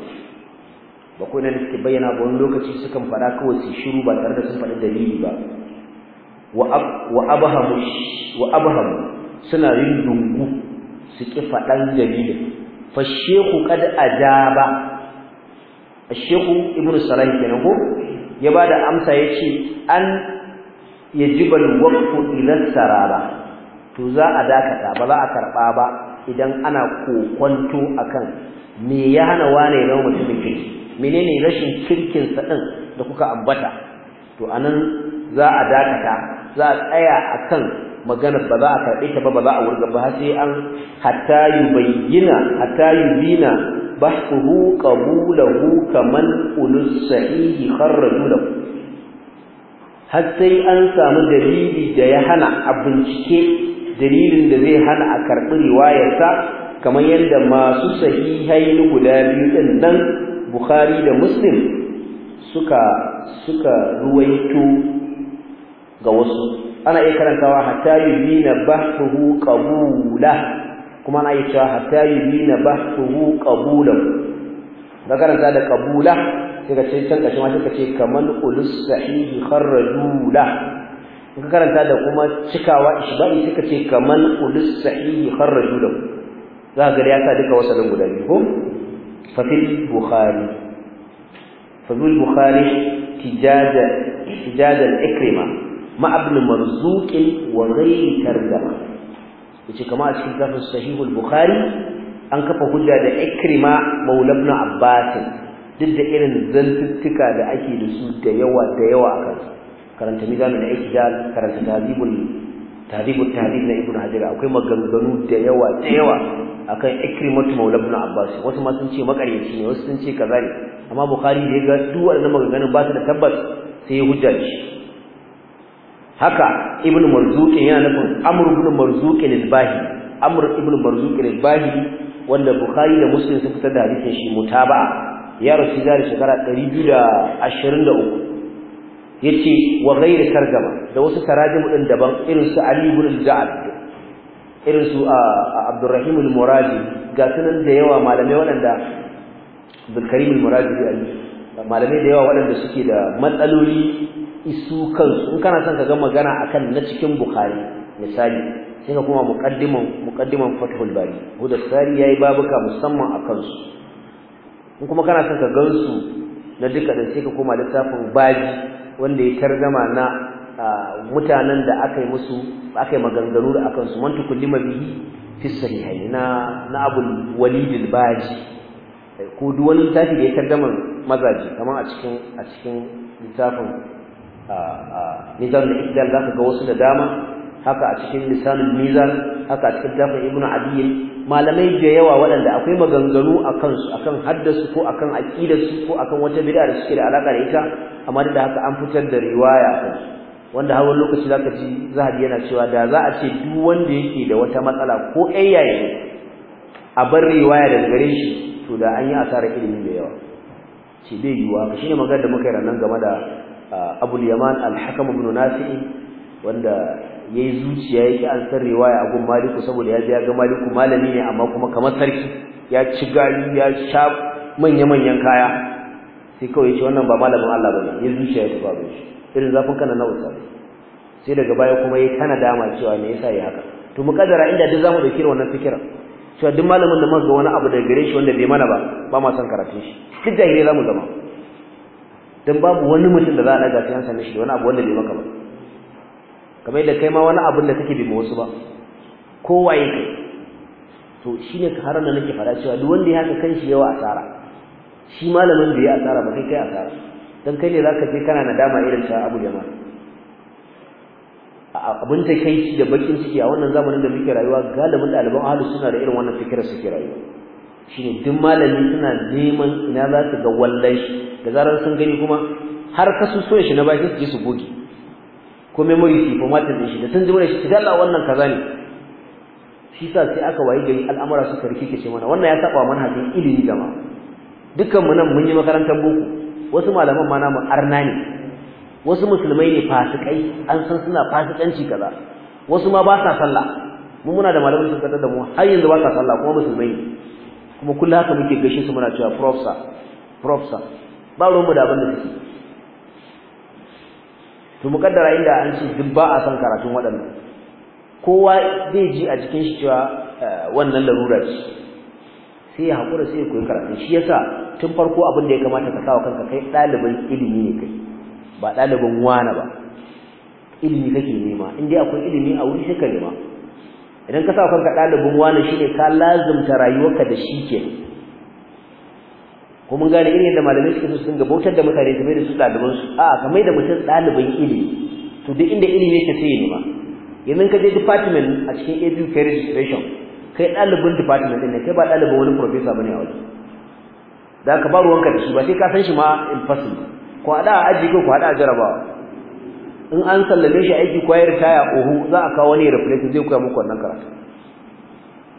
ba ku idan ne suke bayyana ba wani lokaci suka fara kawai su shiru ba tare da sun faɗi dalili ba wa abahamu wa abahamu suna yin dungu su ki faɗan dalilin fa shehu kad ajaba الشيخ ibnu sarai kenan ko ya bada amsa yace an yajibu waqfu ila sarara to za a dakata ba za a karba ba idan ana kokonto akan me ya hana wane ne zama mutumin menene rashin kirkin sa din da kuka ambata to anan za a dakata za a tsaya akan magana ba za a karbe ta ba ba za a wurga ba sai an hatta yubayyina hatta yubina bahtuhu qabulahu kaman ulus sahihi har sai an samu dalili da ya hana a bincike dalilin da zai hana a karɓi riwayarsa kamar yadda masu sahihain guda biyu ɗin nan bukhari da muslim suka suka ruwaito ga wasu ana iya karantawa hatta hu bahtuhu qabula kuma ana iya cewa hatta hu bahtuhu qabula da karanta da qabula sai ka ce can kashi ma sai ka ce kaman ulus sahihi kharrajula ka karanta da kuma cikawa ishba'i sai ka ce kaman ulus sahihi kharrajula za ka ga ya sa duka wasalin guda biyu ko fa bukhari fa bukhari tijaja tijaja al-ikrima ma ibn marzuq wa ghayr tarjama yace kama a cikin kafin sahihul bukhari an kafa hujja da ikrima maula ibn abbas duk da irin zantuttuka da ake da su da yawa da yawa a kansu karanta da ijdal karanta tazibul tazibul tahdid na ibn hajar akwai maganganu da yawa da yawa akan ikrimatu maula ibn abbas wasu ma sun ce makaryaci ne wasu sun ce kaza ne amma bukhari da ya ga duk wannan maganganun ba su da tabbas sai ya hujja shi haka ibn marzuqi yana nufin amr ibn marzuqi al-bahi amr ibn marzuqi al-bahi wanda bukhari da muslim suka fitar da hadisin shi mutaba ya rasu da shekara 223 yace wa ghairu tarjama da wasu tarajimu din daban irin su ali ibn al-ja'd irin su abdurrahim al-muradi ga sunan da yawa malamai waɗanda abdulkarim al-muradi ali malamai da yawa waɗanda suke da matsaloli isu kansu in kana son ka ga magana akan na cikin bukhari misali sai kuma muqaddiman muqaddiman fathul bari huda sari yayi babuka musamman akan su in kuma kana son ka gansu na duka da sai ka koma littafin bari wanda ya targama na mutanen da aka yi musu aka yi maganganu da akan su man tukullima bihi fi sahihain na na abul walid al ko duk wani tafi da ya targama mazaji kamar a cikin a cikin littafin a nizam da ikdal zaka ga wasu da dama haka a cikin lisanin mizan haka a cikin tafin ibnu abiyin malamai da yawa waɗanda akwai maganganu akan su akan haddasu ko akan aqidar su ko akan wata bid'a da suke da alaka da ita amma da haka an fitar da riwaya kan wanda hawan lokaci zaka ji zahabi yana cewa da za a ce duk wanda yake da wata matsala ko ayyaye a bar riwaya daga gare shi to da an yi asarar ilimin da yawa ce bai yiwuwa shi shine magana da muka yi ranar game da ah, Abul Yaman al ibn Nafi' wanda yayi zuciya yake alkar riwaya a gun maliku saboda ya ya ga maliku malami ne amma kuma kamar sarki ya ci gari ya sha manya manyan kaya sai kawai yace wannan ba malamin Allah bane ya zuciya ya tafi abin shi irin zafin kana na usa sai daga baya kuma yayi kana dama cewa me yasa ya haka to mu kadara inda duk zamu dauki wannan fikiran cewa duk malamin da muka ga wani abu da gare shi wanda bai mana ba ba ma son karatun shi duk jahilai zamu zama dan babu wani mutum da za a daga cikin an sanin shi wani abu wanda bai maka ba kamar yadda kai ma wani abin da kake bi ma wasu ba kowaye kai to shine har nan nake fara cewa duk wanda ya haka kanshi yawa asara shi malamin da ya asara ba kai kai asara dan kai ne zaka je kana nadama irin ta Abu Jamal abin ta kai shi da bakin ciki a wannan zamanin da muke rayuwa galibin ɗaliban ahlus suna da irin wannan fikirar suke rayuwa shine duk malami suna neman ina za su ga wallahi da zarar sun gani kuma har kasu so shi na baki su je su goge ko memory shi ko matin din shi da sun ji mana shi dalla wannan kaza ne shi sa sai aka wayi gari al'amura suka ke ce mana wannan ya saba manhajin ilimi gama dukkan mu nan mun yi makarantar boko wasu malaman ma namu arna ne wasu musulmai ne fasikai an san suna fasikanci kaza wasu ma ba sa sallah mu muna da malamin sun kada da mu har yanzu ba sa sallah kuma musulmai ne kuma kullum haka muke gaishe su muna cewa professor professor ba mu da abin da suke to mukaddara inda an ce duk ba a san karatun waɗannan kowa zai ji a cikin shi cewa eh, wannan larura ce sai ya hakura sai ya koyi karatun shi yasa tun farko abin da ya kamata ka sawa kanka kai ɗaliban ilimi ne kai ba ɗaliban wana ba ilimi kake nema in dai akwai ilimi a wuri sai ka nema idan ka sawa kanka ɗalibin wana shine ka lazumta rayuwarka da shi kenan ko mun gane irin yadda malamai suke so sun gabatar da mutane mai da su ɗaliban su a kamar da mutum ɗaliban ilimi to duk inda ilimi yake sai ya nema yanzu ka je department a cikin ABU kai registration kai ɗalibin department ɗin ne kai ba ɗalibin wani professor bane a waje da ka ba ruwanka da shi ba sai ka san shi ma in fasin ko haɗa a aji ko haɗa a jarabawa in an sallame shi aiki ko ya ritaya ohu za a kawo wani reflector zai koya muku wannan karatu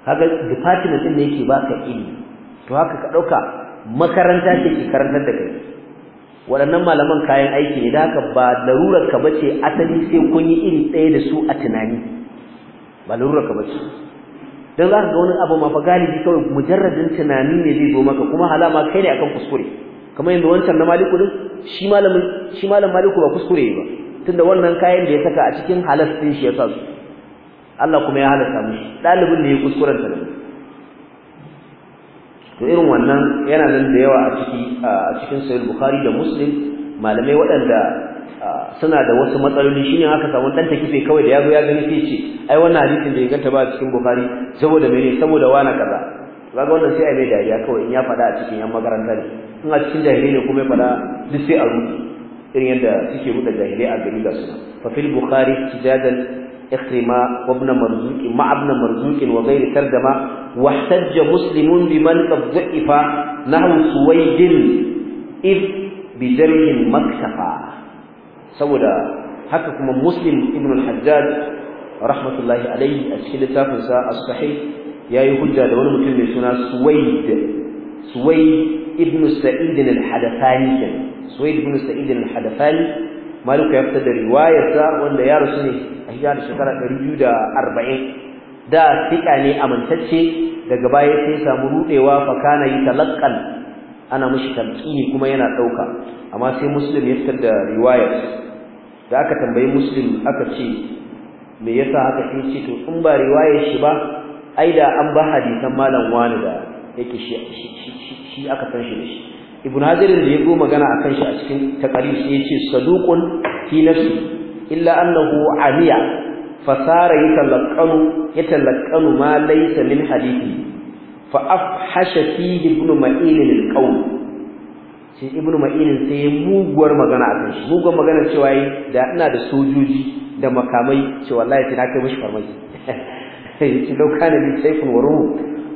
kaga department ɗin ne yake ka ilimi to haka ka ɗauka makaranta ce ke karantar da kai waɗannan malaman kayan aiki ne da haka ba larurar ka bace asali sai kun yi iri ɗaya da su a tunani ba larurar ka bace don za ka ga wani abu ma fa galibi kawai mujarradin tunani ne zai zo maka kuma halama kai ne akan kuskure kamar yadda wancan na maliku din shi malamin shi malam maliku ba kuskure ba tunda wannan kayan da ya saka a cikin halas din shi ya sa su Allah kuma ya halasta mu dalibin ne ya kuskuranta ne to irin wannan yana nan da yawa a ciki a cikin sahih bukhari da muslim malamai waɗanda suna da wasu matsaloli shine haka samu dan takife kawai da yazo ya gani sai ce ai wannan hadisin da ya ba a cikin bukhari saboda mene saboda wani kaza kaga wannan sai ai mai dariya kawai in ya faɗa a cikin yan makaranta ne in a cikin jahili ne kuma ya faɗa duk sai a rubuta irin yadda suke buɗe jahilai a gari ga su fa fil bukhari tijadan إخرما وابن مرزوق مع ابن مرزوق وغير ترجمة واحتج مسلم بمن قد ضعف نحو سويد إذ بجرح مكتفى سودا haka kuma muslim ibn al-hajjaj rahmatullahi alayhi a cikin littafin sa as ya yi hujja da wani mutum mai suna suwaid suwaid ibn malik ya fitar da riwayarsa wanda ya rasu ne a hijira shekara 240 da tika ne amintacce daga baya sai samu rudewa fa kana yitalaqqan ana mushi ne kuma yana dauka amma sai muslim ya fitar da riwayar da aka tambayi muslim aka ce me yasa haka ke ce to in ba riwayar shi ba ai da an ba hadisan malam wani da yake shi shi aka san shi da shi ibn hajarin da ya go magana akan shi a cikin taqarrir shi yace saduqun fi nafsi illa annahu amiya fasara yatalaqanu yatalaqanu ma laysa min hadithi fa afhasha fihi ibn ma'in alqawl sai ibn ma'in sai muguwar magana akan shi muguwar magana cewa yi da ina da sojoji da makamai cewa wallahi sai na kai mishi farmaki sai dauka ne bi sayfun waru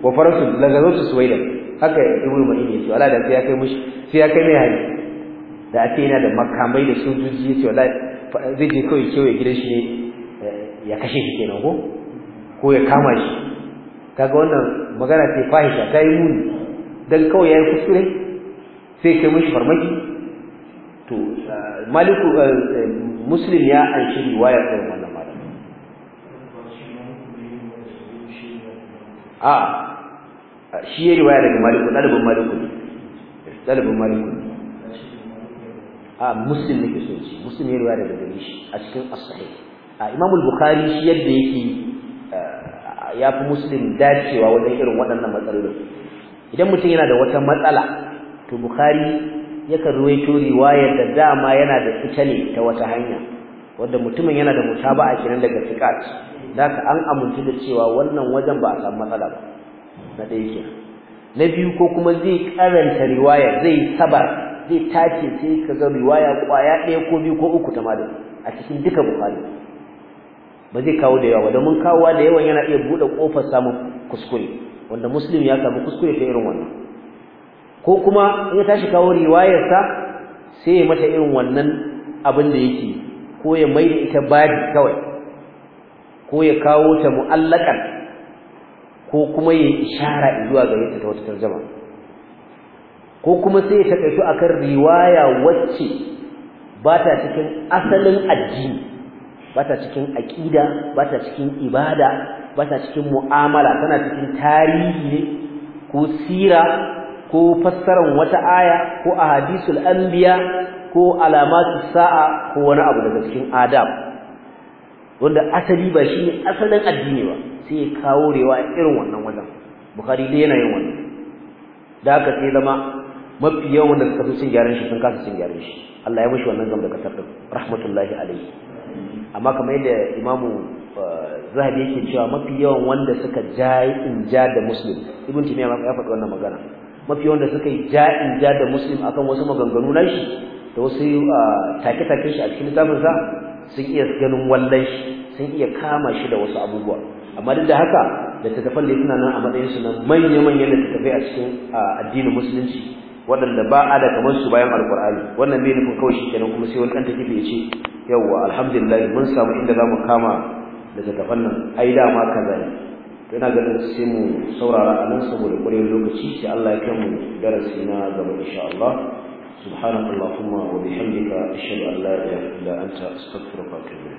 wa farasu lagazatu suwaidan haka ibnu ma'in yace wallahi da sai ya kai mushi sai ya kai mai hari da ake yana da makamai da sojoji yace wallahi zai je kawai kewaye gidan shi ya kashe shi kenan ko ko ya kama shi kaga wannan magana ce fahisha ta yi muni dan kawai yayi kuskure sai kai mushi farmaki to maliku muslim ya anshi riwayar da wannan malamin a shi ya riwaya daga maliku dalibin maliku dalibin maliku ne a muslim ke so shi muslim ya riwaya daga gari shi a cikin as-sahih a imam al-bukhari shi yadda yake eh, ya fi muslim dacewa wajen irin waɗannan matsalolin idan mutum yana da wata matsala to bukhari yakan ruwaito riwaya da dama yana da ita ne ta wata hanya wanda mutumin yana da mutaba'a kenan daga fiqat da an amince da cewa wannan wajen ba a samu matsala ba na ɗaya ke na biyu ko kuma zai karanta riwaya zai sabar zai tace sai ka ga riwaya kwaya ɗaya ko biyu ko uku ta malam a cikin duka bukari ba zai kawo da yawa domin kawowa da yawan yana iya buɗe ƙofar samun kuskure wanda muslim ya samu kuskure ta irin wannan ko kuma in ya tashi kawo riwayarsa sai ya mata irin wannan abin da yake ko ya mai da ita babi kawai ko ya kawo ta mu'allakan ko kuma ya ishara zuwa ga yadda ta wata tarjama ko kuma sai ya a kan riwaya wacce ba ta cikin asalin addini ba ta cikin aƙida ba ta cikin ibada ba ta cikin mu'amala tana cikin tarihi ne ko sira ko fassarar wata aya ko a hadisul anbiya ko alamatu sa'a ko wani abu daga cikin adam, wanda asali ba shi ne asalin addini ba sai ya kawo rewa a irin wannan wajen bukhari dai yana yin wannan da aka sai zama mafi yawan da suka fi cin gyaran shi sun kasa cin gyaran shi Allah ya mishi wannan gam da kasar din rahmatullahi alaihi amma kamar yadda imamu uh, zahabi yake cewa mafi yawan wanda suka ja in ja da muslim ibn timiya ma ya faɗi wannan magana mafi yawan da suka ja in ja da muslim akan wasu maganganu na shi da wasu uh, take-take shi a cikin littafin sun iya ganin wallan shi sun iya kama shi da wasu abubuwa amma duk da haka littattafan da suna nan a matsayin su na manya-manyan littattafai a cikin addinin musulunci waɗanda ba a da kamar su bayan alkur'ani wannan bai nufin kawai shikenan kuma sai wani ɗan tafi ya ce yawwa alhamdulillah mun samu inda za mu kama littattafan nan ai dama kaza ne to ina ganin sai mu saurara a nan saboda ƙwarewar lokaci sai Allah ya kai mu darasi na gaba insha Allah سبحانك اللهم وبحمدك أشهد أن لا إله إلا أنت أستغفرك وأتوب إليك